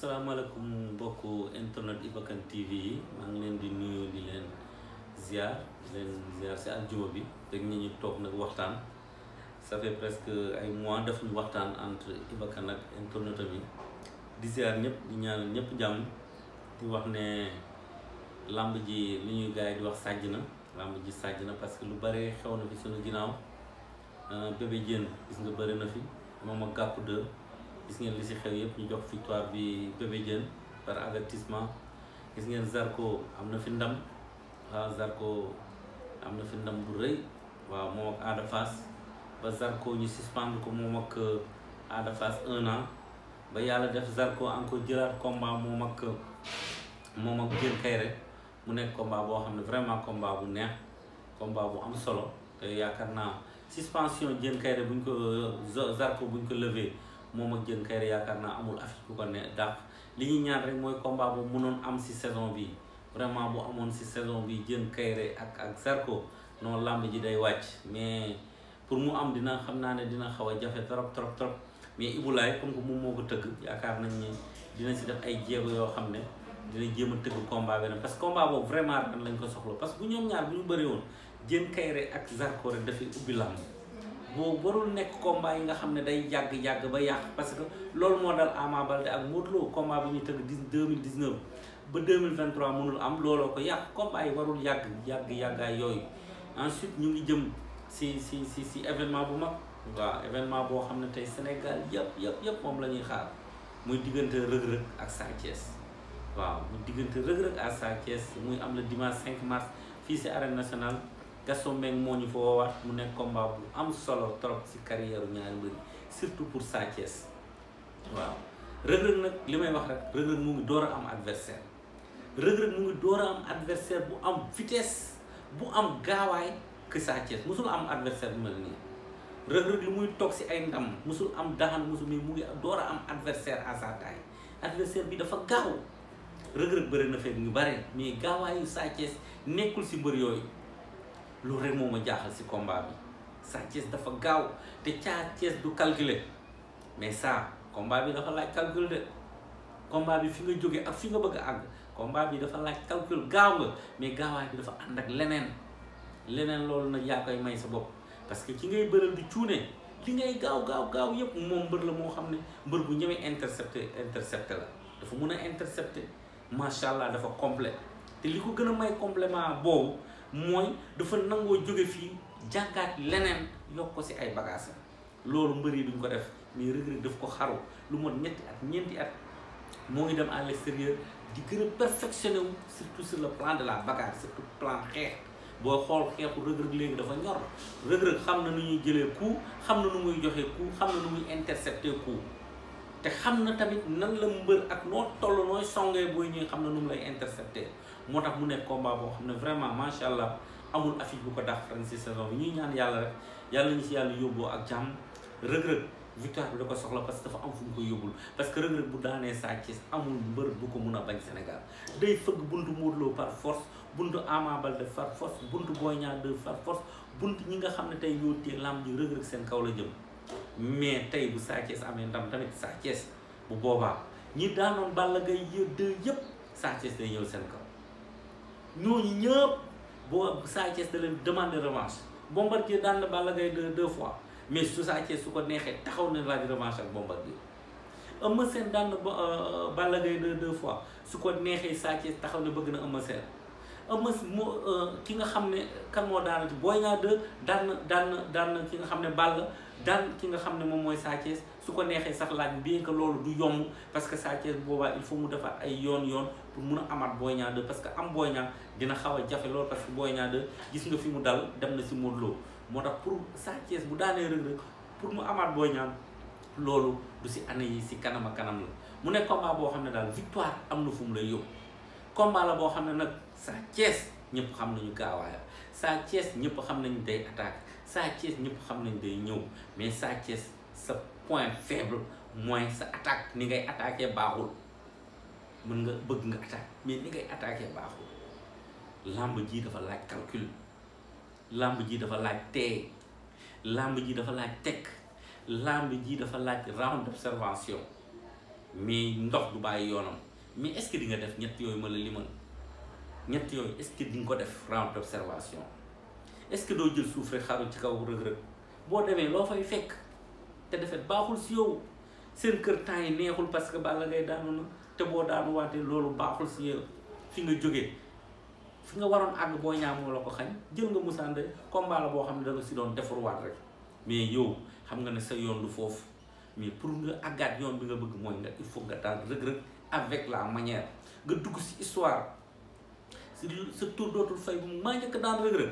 salaamaaleykum mbokk internet Iba Kane TV yi maa leen di nuyu di leen ziar di leen ziar si aljuma bi te ñu ñu toog nag waxtaan ça fait presque ay mois def ñu waxtaan entre Iba Kane ak internet yi di ziar ñëpp di ñaanal ñëpp jàmm di wax ne làmb ji li ñuy gars yi di wax sàjj na làmb ji sàjj na parce que lu bare xew na fi suñu ginnaaw ah, bébé Diène gis nga bëri na fi moom ak gàpp 2 gis ngeen li si xew yëpp ñu jox victoire bi Bébé Diène par avertissement gis ngeen Zarko am na fi ndam waaw Zarko am na fi ndam bu rëy waaw moom ak Ada ba Zarko ñu suspendre ko moom ak euh, Ada un an ba yàlla def Zarko encore jëlaat combat moom ak moom ak Diène Kaïré mu nekk komba boo xam ne vraiment combat bu neex combat bu am solo te yaakaar naa suspension Diène Kaïré buñ ko euh, Zarko buñ ko levé moom ak jën kayre yaakaar naa amul affiche bu ko ne dàq li ñuy ñaan rek mooy combat bu mënoon am si saison bi vraiment bu si saison bi jën kayre ak ak Zarko noonu làmb ji day wàcc mais pour mu am dina xam naa ne dina xaw a jafe trop trop trop mais Ibulaay comme que moom moo ko tëgg yaakaar nañ ne dina si def ay jéego yoo xam ne dina jéem a tëgg combat beneen parce que combat boobu vraiment ren lañ ko soxla parce que bu ñoom ñaar bu ñu bëri woon jën kayre ak Zarko rek dafay ubbi làmb boo warul nekk combat yi nga xam ne day yàgg-yàgg ba yàq parce que loolu moo dal Ama Baldé ak Modou Lo combat ñu tëgg dix deux mille dix neuf ba deux mille vingt trois mënul am looloo ko yàq combat yi warul yàgg yàgg-yàggaay yooyu ensuite ñu ngi jëm si si si si événement bu mag waaw événement boo xam ne tey Sénégal yëpp yëpp yëpp moom la ñuy xaar muy diggante rëg-rëg ak Sa waaw muy diggante rëg-rëg ak Sa muy am la dimanche 5 mars fii si arène nationale Gaston Mbengue moo ñu fa woowaat mu nekk combat bu am solo trop si carrière ñaari mbir surtout pour Sa Thiès waaw Reug Reug nag li may wax rek Reug Reug mu ngi am adversaire Reug Reug mu ngi am adversaire bu am vitesse bu am gaawaay que Sa musul am adversaire bu mel Reug Reug lu muy ay ndam musul am dahan musul mi mu ngi door am adversaire à sa taille adversaire bi dafa gaaw Reug Reug bëri na ñu bare mais si mbër loolu rek moo ma jaaxal si combat bi Sa Thiès dafa gaaw te Sa Thiès du calculer mais saa combat bi dafa laaj calcul de combat bi fi nga jógee ak fi nga bëgg a àgg combat bi dafa laaj calcul gaaw nga mais gaawaay bi dafa ànd ak leneen leneen loolu nag yaa koy may sa bopp parce que ci ngay bëral di cuune ki ngay gaaw gaaw gaaw yépp moom mbër la moo xam ne mbër bu ñëwee intercepté intercepté la dafa mun a intercepté macha allah dafa complet te li ko gën a may complément boobu mooy dafa nangoo jóge fii jàkkaat leneen yokk ko si ay bagages loolu mbër yi duñ ko def mais Reug Reug daf ko xaru lu mot ñetti at ñeenti at moo ngi dem en l'extérieur di gën a perfectionné wu surtout le plan de la bagarre surtout plan xeex boo xool xeexu Reug Reug léegi dafa ñor Reug Reug xam na nu ñuy jëlee coup xam na nu muy joxe coup xam na nu muy intercepter coup te xam na tamit nan la mbër ak noo toll nooy songee booy ñuy xam na nu mu lay intercepter moo tax mu nekk combat boo xam ne vraiment macha allah amul affiche bu ko dàq ren si saison bi ñuy ñaan yàlla rek yàlla ñu si yàlla yóbboo ak jàmm rëg-rëg victoire bi da ko soxla parce que dafa am fu ko yóbbul parce que rëg-rëg bu daanee amul mbër bu ko mun a bañ Sénégal day fëgg buntu Modou par force buntu amabal de par force buntu Boy de par force buntu ñi nga xam ne tey ñoo téye lamb ji rëg-rëg seen kaw la jëm mais tey bu Sa Thiès amee ndam tamit Sa bu boobaa ñi daanoon Balla Gaye yëpp Sa Thiès day ñëw seen kaw ñooñu ñëpp boo Sa Thiès da leen demande revanche Bombardier daan na Balla Gaye deux deux fois mais su Sa Thiès su ko neexee taxaw na dan revanche ak Bombardier Eumeu eh, Sène daan na Balla deux deux fois su ko neexee Sa Thiès taxaw na bëgg na Eumeu eh, ki nga xam ne kan moo daanati Boy Niang 2 dan dan daan ki nga dal ki nga xam ne moom mooy Sa Thiès su ko neexee sax laaj bien que loolu du yomb parce que Sa Thiès boobaa il faut mu defar ay yoon yoon pour mun a amaat Boy Niang 2 parce que am Boy Niang dina xaw a jafe loolu parce que gis nga fi mu dal dem na si Modou moo tax pour Sa Thiès bu daanee Reug Reug pour mu amaat Boy Niang loolu si année yi si kanam kanam la mu nekk boo xam ne daal victoire am na fu mu lay yóbbu combat la boo xam ne nag Sa Thiès ñëpp xam nañu gaawaayam Sa Thiès ñëpp xam nañu day attaque Sa Thiès ñëpp xam nañ day ñëw mais Sa Thiès sa point faible mooy sa attaque ni ngay attaqué baaxul mën nga bëgg nga attaque mais ni ngay attaqué baaxul làmb ji dafa laaj calcul làmb ji dafa laaj tee làmb ji dafa laaj tekk làmb jii dafa laaj round d'observation mais ndox du bàyyi yoonam mais est di nga def ñett yooyu ma la limal ñett yooyu est di nga ko def round d'observation est-ce que doo jël suuf rek ci kaw rëg-rëg boo demee loo fay fekk te defet baaxul si yow seen kër temps yi neexul parce que Balla Gaye daanu na te boo daanu waatee loolu baaxul si yow fi nga jógee fi nga waroon àgg boo ñaamoo la ko xañ jël nga Moussa Ndoye combat boo xam ne da si doon defarwaat rek mais yow xam nga ne sa yoon du foofu mais pour nga àggaat yoon bi nga bëgg mooy nga il faut nga daan rëg-rëg avec la manière nga dugg si histoire si sa tur dootul fay bu maa njëkk daan rëg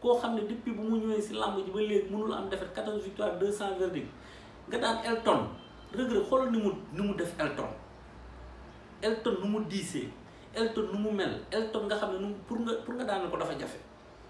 ko xam ne depuis bu mu ñëwee si lamb ji ba léegi mënul am defet 14 200 verdict nga daan Elton regre rëg ni mu ni mu def Elton Elton nu mu diisee Elton nu mu mel Elton nga xam ne nu pour nga pour nga daan ko dafa jafe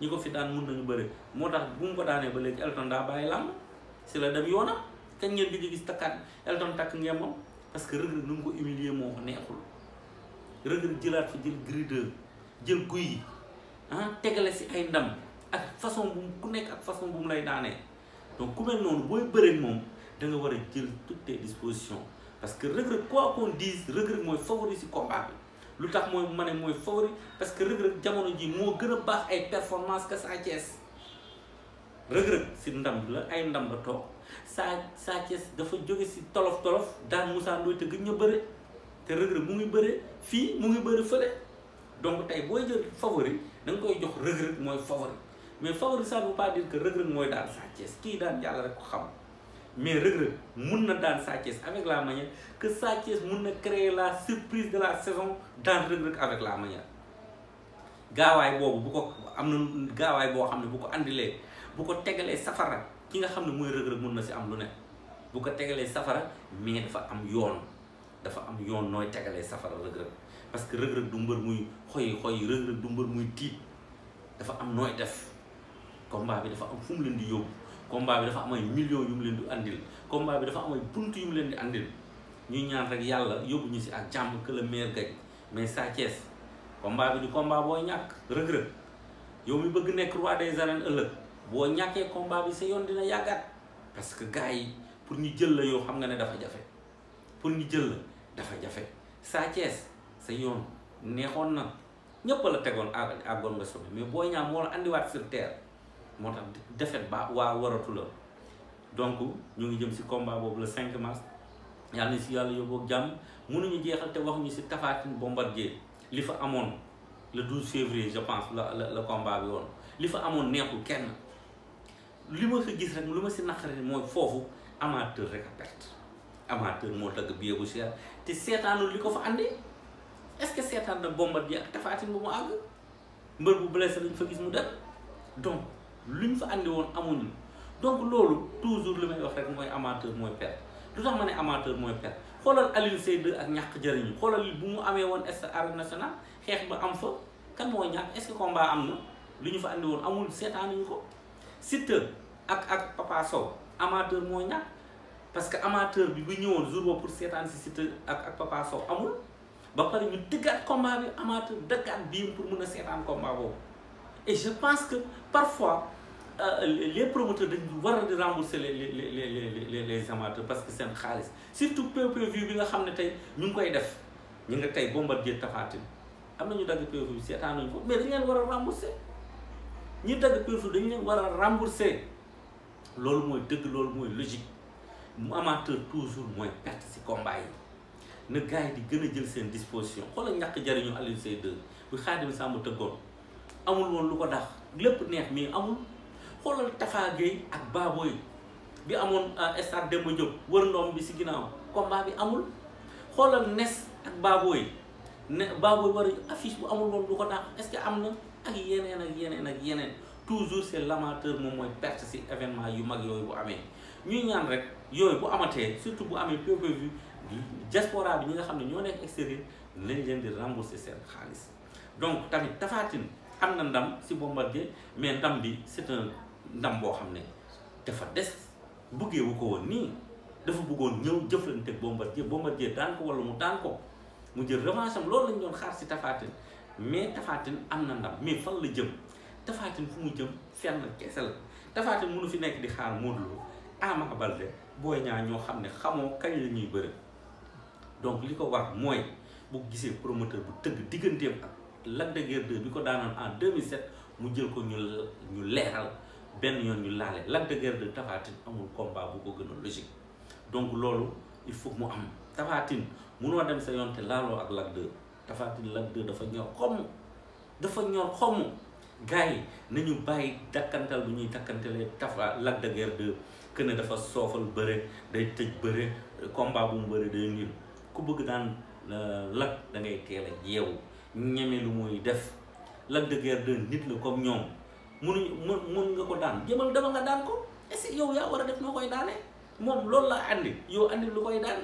ñi ko fi daan mun nañu bëri moo bu mu ko ba Elton da bàyyi làmb si la dem yoonam kañ ngeen bi gis Elton takk ngeemam parce que rëg-rëg nu ko humilier moo ko neexul regre rëg fi jël Gris jël guy ah tegale si ay ndam ak façon bu ku nekk ak façon bu mu lay daanee donc ku mel noonu booy bëreek moom da nga war a jël toutes tes dispositions parce que Reug quoi qu'on dise Reug Reug mooy favori ci combat bi lu tax mooy ma ne mooy favori parce que Reug Reug jamono ji moo gën a baax ay performance que Sa Thiès Reug Reug ci ndam la ay ndam la toog Sa Sa Thiès dafa jóge ci tolof tolof daan Moussa Ndoye te gëj na bëre te Reug Reug mu ngi bëre fii mu ngi bëre fële donc tey booy jël favori da nga koy jox Reug Reug mooy favori mais favori ça veut pas dire que Reug Reug mooy daan Sa kii daan yàlla rek ko xam mais Reug Reug mun na daan Sa Thiès avec la manière que Sa Thiès mun na créer la surprise de la saison daan Reug Reug avec la manière gaawaay boobu bu ko am na gaawaay boo xam ne bu ko andilee bu ko tegalee safara ki nga xam ne mooy Reug Reug mun na si am lu ne bu ko tegalee safara mais dafa am yoon dafa am yoon nooy tegalee safara Reug Reug parce que Reug Reug du mbër muy xoy xoy muy tiit dafa am nooy def combat bi dafa am fu mu leen di yóbbu combat bi dafa am ay millions yu mu leen di andil combat bi dafa am ay bunt yu mu leen di andil ñuy ñaan rek yàlla yóbbu ñu si ak jàmm que le maire gagne mais Sa Thiès bi du combat booy ñàkk mi bëgg nekk des arènes boo ñàkkee combat bi sa yoon dina parce que gars pour ñu jël la yow xam nga ne dafa jafe pour ñu jël la jafe Sa sa yoon neexoon na ñëpp la tegoon àggoon nga sommet mais booy ñaam moo la andiwaat sur terre moo tax defet ba waa waratu la donc ñu ngi jëm si combat boobu le 5 mars yàlla na si yàlla yóbbu ak jàmm mënuñu jeexal te wax ñu si Tapha Tine Bombardier li fa amoon le 12 février je pense la la woon li fa amoon neexul kenn li ma fa gis rek lu ma si naqaree mooy foofu amateur rek a perte amateur moo tagg billet bu cher te seetaanu li ko fa andi est-ce que seetaan na Bombardier ak Tapha Tine bu mu àgg mbër bu blessé lañ fa gis mu dem donc. lu ñu fa andi woon amuñu donc loolu toujours lu may wax rek mooy amateur mooy perte lu tax ma ne amateur mooy perte xoolal Alioune Seye ak ñax ñàkk jëriñu xoolal bu mu amee woon stade Arène Nationale xeex ba am fa kan moo ñax est-ce combat am na lu ñu fa andi woon amul seetaanuñu ko Siteu ak ak Papa Sow amateur moo ñàkk parce que amateur bi bu ñëwoon jour boobu pour seetaan si Siteu ak ak Papa Sow amul ba pare ñu dëggaat combat bi amateur dëggaat bii pour mun a seetaan combat boobu. Et je pense que parfois, euh, les promoteurs doivent rembourser les, amateurs parce que c'est un khalis. Surtout PPV, le nous nous Nous avons fait des c'est mais rien ne rembourser. Nous rembourser. C'est logique. Les amateurs toujours moins perte ces combats. ont une disposition. ils ont disposition amul won lu ko dax lépp neex mi amul xolal Tafa Gueye ak Baboy bi amoon euh, stade Demba Diop wër ndom bi si ginaaw combat bi amul xolal Nes ak Baboy Baboy war affiche bu amul won lu ko dax est-ce amna ak yenen ak yenen ak yenen toujours c'est l'amateur mom moy perte si événement yu mag yoy bu amé ñuy ñaan rek yoy bu amaté surtout bu peu peu diaspora bi ñi nga xamné ne ñoo nekk extérieur lañ leen di rembourser seen xaalis donc tamit tafatin. am na ndam si Bombardier mais ndam bi c'est un ndam boo xam ne dafa des bëggee wu ko woon nii dafa bëggoon ñëw jëflante Bombardier Bombardier daan ko wala mu daan ko mu jël revanche am loolu lañ doon xaar si Tapha mais tafaatin am na ndam mais fan la jëm Tapha fu mu jëm fenn kese la Tapha Tine fi nekk di xaar Modou Lô Ama Baldé Boy ñaa ñoo xam ne xamoo kay la ñuy donc li ko war mooy bu gisee promoteur bu tëgg digganteem ak Lac de Guiers 2 bi ko daanoon en 2007 mu jël ko ñu ñu benn yoon ñu laale Lac de Guiers amul combat bu ko gën a logique donc loolu il faut mu am Tapha Tine munoo dem sa yoon laaloo ak Lac 2 Tapha Tine dafa ñor xomm dafa ñor xomm gars yi nañu bàyyi dakkantal bu ñuy dakkantalee Tapha Lac de Guiers 2 que ne dafa soofal bëre day tëj bëre combat bu mu bëre day ñun ku bëgg daan euh, Lac da ngay teel a yeewu. ñeme lu muy def Lac de Guiers 2 nit la comme ñoom munuñ mun mun nga ko daan jëmal dama nga daan ko est que yow yaa war a def noo koy daane moom loolu la andi yow andi lu koy daan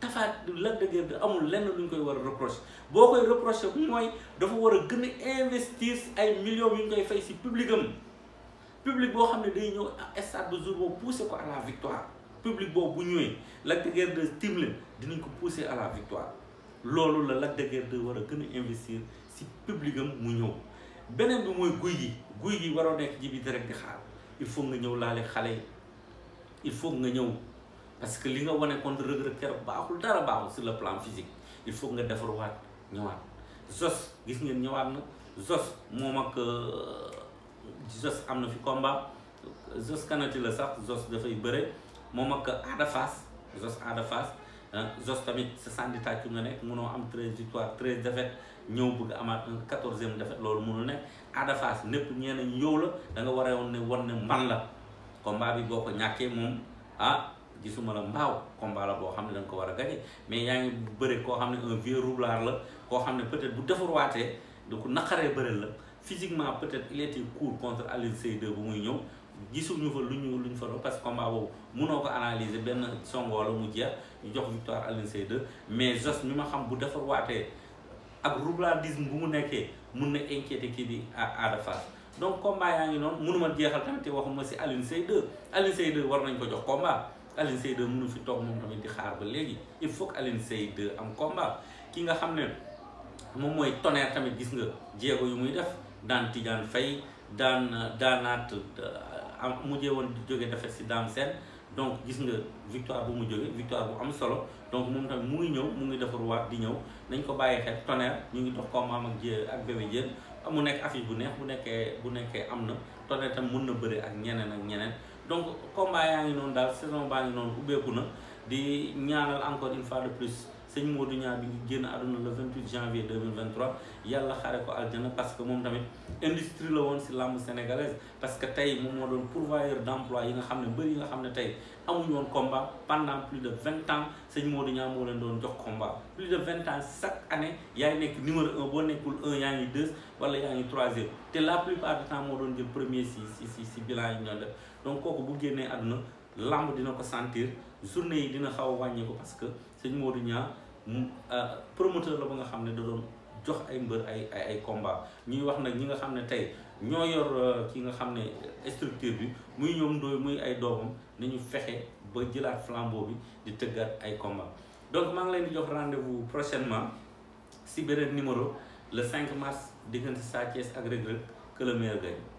tafaat Lac de Guiers 2 amul lenn lu ñu koy war a reprocher boo koy reprocher mooy dafa war a gën a investir ay millions yu nga koy fay si public am public boo xam ne day ñëw stade bu jour boobu pousser ko à la victoire public boobu bu ñëwee Lac de Guiers dinañ ko pousser à la loolu la Lac de war a gën a investir si public mu ñëw beneen bi mooy guy gi guy gi waroo nekk jibi direct di xaar il faut nga ñëw laale xale yi il faut nga ñëw parce que li nga wane contre Reug Reug keroog baaxul dara baaxul sur le plan physique il faut nga defarwaat ñëwaat Zos gis ngeen ñëwaat na Zos moom ak euh, Zos am na fi combat Zos kanati la sax Zos dafay bëre moom ak Ada Fass Zos Zoss tamit sa candidature nga nekk munoo am treize victoire treize défaites ñëw bëgg amaat quatorzième défaite loolu munul nekk Ada Fass népp ñee nañ yow la da nga waree woon ne war ne man la combat bi boo ko ñàkkee moom ah gisuma la mbaaw combat la boo xam ne da nga ko war a gagné mais yaa ngi bëre koo xam ne un vieux roublard la koo xam ne peut-être bu defarwaatee du ko naqaree bëre la physiquement peut-être il était court contre Alioune Seye bu muy ñëw gisuñu fa lu ñu lu ñu fa parce que combat boobu mënoo ko analyser benn songoo wala mu jeex ñu jox victoire Alioune Seye mais Zoss mi ma xam bu defar waatee ak roublardisme bu mu nekkee mun na inquiété kii bi Ada Fass donc combat yaa ngi noonu mënuma jeexal tamit te waxuma si Alioune Seye 2 Alioune war nañ ko jox combat Alioune Seye 2 mënu fi toog moom tamit di xaar ba léegi il faut que Alioune am combat ki nga xam ne moom mooy tonnerre tamit gis nga jéego yu muy daan Tidiane Faye daan daanaat euh, am mujjee woon di jóge defet si Dame Sène donc gis nga victoire bu mu jóge victoire bu am solo donc moom tamit mu ngi ñëw mu ngi defaruwaat di ñëw nañ ko bàyyi xel tonnerre ñu ngi dox ko maam ak jé ak bébé jën mu nekk affiche bu neex bu nekkee bu nekkee am na tonnerre tam mun na bëre ak ñeneen ak ñeneen donc combat yaa ngi noonu daal saison baa ngi noonu ubbeeku na di ñaanal encore une fois de plus Seigne Modou Niang bi ngi génn aduna le 28 janvier 2023 yalla xaré ko aljana parce que moom tamit industrie la woon si lamb sénégalaise parce que tey moom moo doon pourvoyeur d' emploi yi nga xam ne mbër yi nga xam ne tey amuñu woon combat pendant plus de 20 ans Seigne Modou Niang moo leen doon jox combat plus de 20 ans chaque année yaay nekk numéro 1 boo nekkul un yaa ngi 2 wala yaa ngi troisième te la plupart du temps moo doon jël premier si si si si bilan yi ñu def donc kooku bu génnee aduna lamb dina ko sentir journée yi dina xaw a wàññeeku parce que sëñ Modou Niang euh, promoteur la ba nga xam ne da doon jox ay mbër ay ay ay combat ñuy wax nag ñi nga xam ne tey ñoo yor euh, ki nga xam ne structure bi muy ñoom ndooy muy ay doomam ñu fexe ba jëlaat flambeau bi di tëggaat ay combat donc maa ngi leen di jox rendez-vous prochainement si beneen numéro le 5 mars diggante Sa Thiès ak Reug Reug que le